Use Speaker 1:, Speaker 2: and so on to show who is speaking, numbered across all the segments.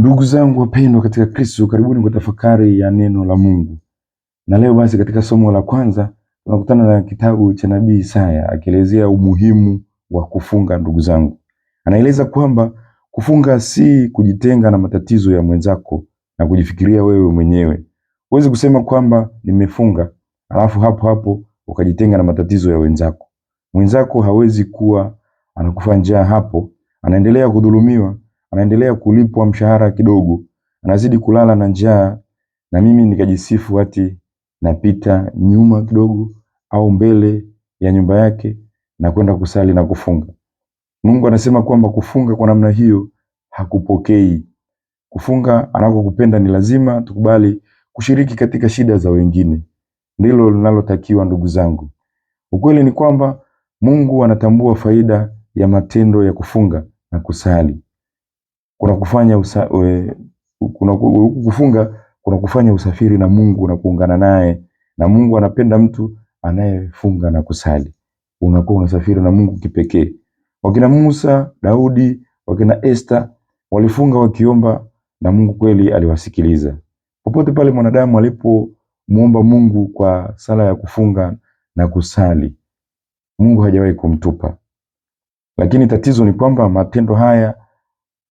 Speaker 1: Ndugu zangu wapendwa katika Kristo, karibuni kwa tafakari ya neno la Mungu. Na leo basi, katika somo la kwanza tunakutana na kitabu cha nabii Isaya akielezea umuhimu wa kufunga. Ndugu zangu, anaeleza kwamba kufunga si kujitenga na matatizo ya mwenzako na kujifikiria wewe mwenyewe. Huwezi kusema kwamba nimefunga, alafu hapo hapo ukajitenga na matatizo ya wenzako. Mwenzako hawezi kuwa anakufa njaa hapo, anaendelea kudhulumiwa anaendelea kulipwa mshahara kidogo, anazidi kulala na njaa, na mimi nikajisifu ati napita nyuma kidogo au mbele ya nyumba yake na kwenda kusali na kufunga. Mungu anasema kwamba kufunga kwa namna hiyo hakupokei. Kufunga anakokupenda ni lazima tukubali kushiriki katika shida za wengine, ndilo linalotakiwa ndugu zangu. Ukweli ni kwamba Mungu anatambua faida ya matendo ya kufunga na kusali kuna kufanya usa, we, kuna kufunga kuna kufanya usafiri na Mungu na kuungana naye, na Mungu anapenda mtu anayefunga na kusali. Unakuwa unasafiri na Mungu kipekee. Wakina Musa, Daudi, wakina Esther walifunga wakiomba na Mungu kweli aliwasikiliza. Popote pale mwanadamu alipomuomba Mungu kwa sala ya kufunga na kusali, Mungu hajawahi kumtupa. Lakini tatizo ni kwamba matendo haya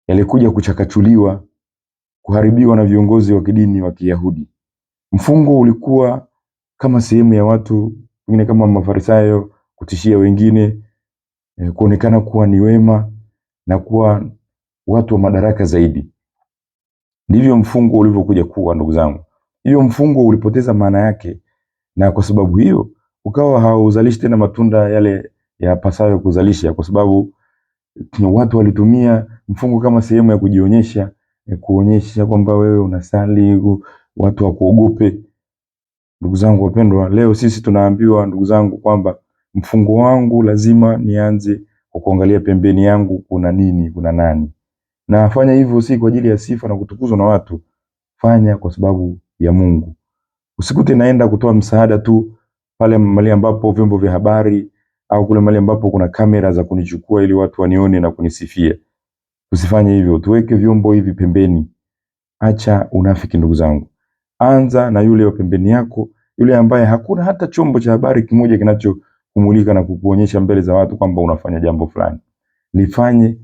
Speaker 1: yalikuja kuchakachuliwa, kuharibiwa na viongozi wa kidini wa Kiyahudi. Mfungo ulikuwa kama sehemu ya watu wengine kama Mafarisayo kutishia wengine, eh, kuonekana kuwa ni wema na kuwa watu wa madaraka zaidi. Ndivyo mfungo ulivyokuja kuwa, ndugu zangu. Hiyo mfungo ulipoteza maana yake, na kwa sababu hiyo ukawa hauzalishi tena matunda yale pasayo kuzalisha, kwa sababu eh, watu walitumia Mfungo kama sehemu ya kujionyesha, ya kuonyesha kwamba wewe unasali, watu wakuogope. Ndugu zangu wapendwa, leo sisi tunaambiwa ndugu zangu kwamba mfungo wangu lazima nianze kwa kuangalia pembeni yangu kuna nini, kuna nani. Na fanya hivyo si kwa ajili ya sifa na kutukuzwa na watu, fanya kwa sababu ya Mungu. Usikute naenda kutoa msaada tu pale mali ambapo vyombo vya habari au kule mali ambapo kuna kamera za kunichukua ili watu wanione na kunisifia. Usifanye hivyo, tuweke vyombo hivi pembeni. Acha unafiki, ndugu zangu. Anza na yule wa pembeni yako, yule ambaye hakuna hata chombo cha habari kimoja kinachokumulika na kukuonyesha mbele za watu kwamba unafanya jambo fulani. Lifanye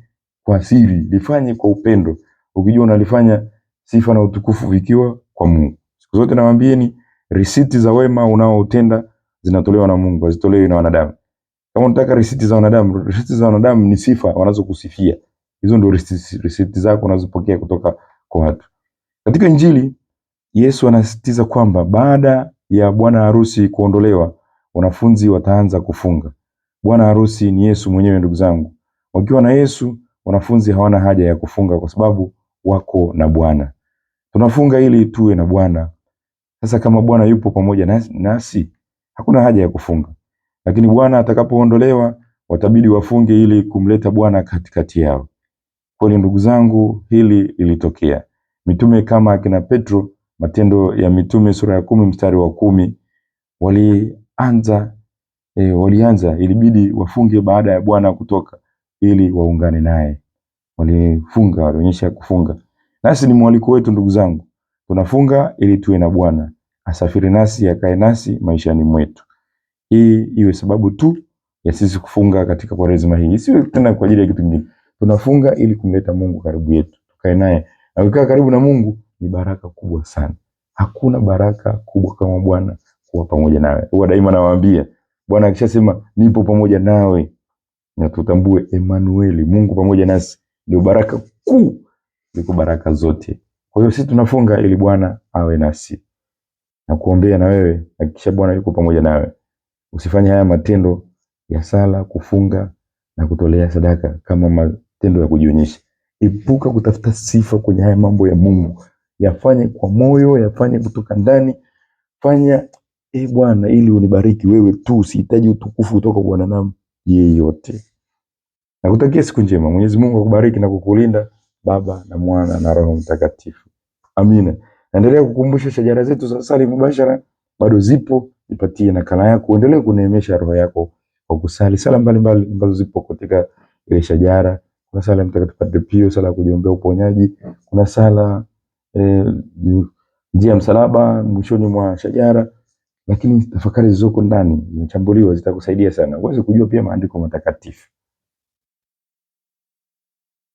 Speaker 1: kwa siri, lifanye kwa upendo, ukijua unalifanya sifa na utukufu vikiwa kwa Mungu. Siku zote nawaambieni, risiti za wema unaotenda zinatolewa na Mungu, hazitolewi na wanadamu. Kama unataka risiti za wanadamu, risiti za wanadamu ni sifa wanazokusifia, Hizo ndio risiti zako unazopokea kutoka kwa watu. Katika Injili Yesu anasisitiza kwamba baada ya bwana harusi kuondolewa, wanafunzi wataanza kufunga. Bwana harusi ni Yesu mwenyewe, ndugu zangu. Wakiwa na Yesu, wanafunzi hawana haja ya kufunga kwa sababu wako na Bwana. Tunafunga ili tuwe na Bwana. Sasa kama Bwana yupo pamoja nasi, hakuna haja ya kufunga. Lakini Bwana atakapoondolewa, watabidi wafunge ili kumleta Bwana katikati yao. Kweli ndugu zangu, hili lilitokea. Mitume kama akina Petro, Matendo ya Mitume sura ya kumi mstari wa kumi walianza e, walianza ilibidi wafunge baada ya Bwana kutoka ili waungane naye. Walifunga, walionyesha kufunga. Nasi ni mwaliko wetu ndugu zangu, tunafunga ili tuwe na Bwana asafiri nasi, akae nasi maishani mwetu. Hii iwe sababu tu ya sisi kufunga katika Kwaresima hii, isiwe tena kwa ajili ya kitu kingine. Tunafunga ili kumleta Mungu karibu yetu, tukae naye. Na ukikaa karibu na Mungu ni baraka kubwa sana. Hakuna baraka kubwa kama Bwana kuwa pamoja nawe. Huwa daima nawaambia, Bwana akishasema nipo pamoja nawe, na tutambue Emanueli, Mungu pamoja nasi, ndio baraka kuu kuliko baraka zote. Kwa hiyo sisi tunafunga ili Bwana awe nasi. Na kuombea na wewe, hakikisha Bwana yuko pamoja nawe. Usifanye haya matendo ya sala, kufunga na kutolea sadaka kama tendo la kujionyesha. Epuka kutafuta sifa kwenye haya mambo ya Mungu, yafanye kwa moyo, yafanye kutoka ndani. Fanya e Bwana, ili unibariki wewe tu, sihitaji utukufu kutoka kwa wanadamu yeyote. Nakutakia siku njema. Mwenyezi Mungu akubariki na kukulinda, Baba na Mwana na Roho Mtakatifu. Amina. Naendelea kukumbusha shajara zetu za sali mubashara bado zipo, nipatie nakala yako, endelee kuneemesha roho yako kwa kusali sala mbalimbali ambazo zipo katika ile shajara kuna sala ya Mtakatifu Padre Pio, sala ya kujiombea uponyaji, kuna sala eh, njia ya msalaba mwishoni mwa shajara, lakini tafakari zilizoko ndani zimechambuliwa zitakusaidia sana uweze kujua pia maandiko matakatifu.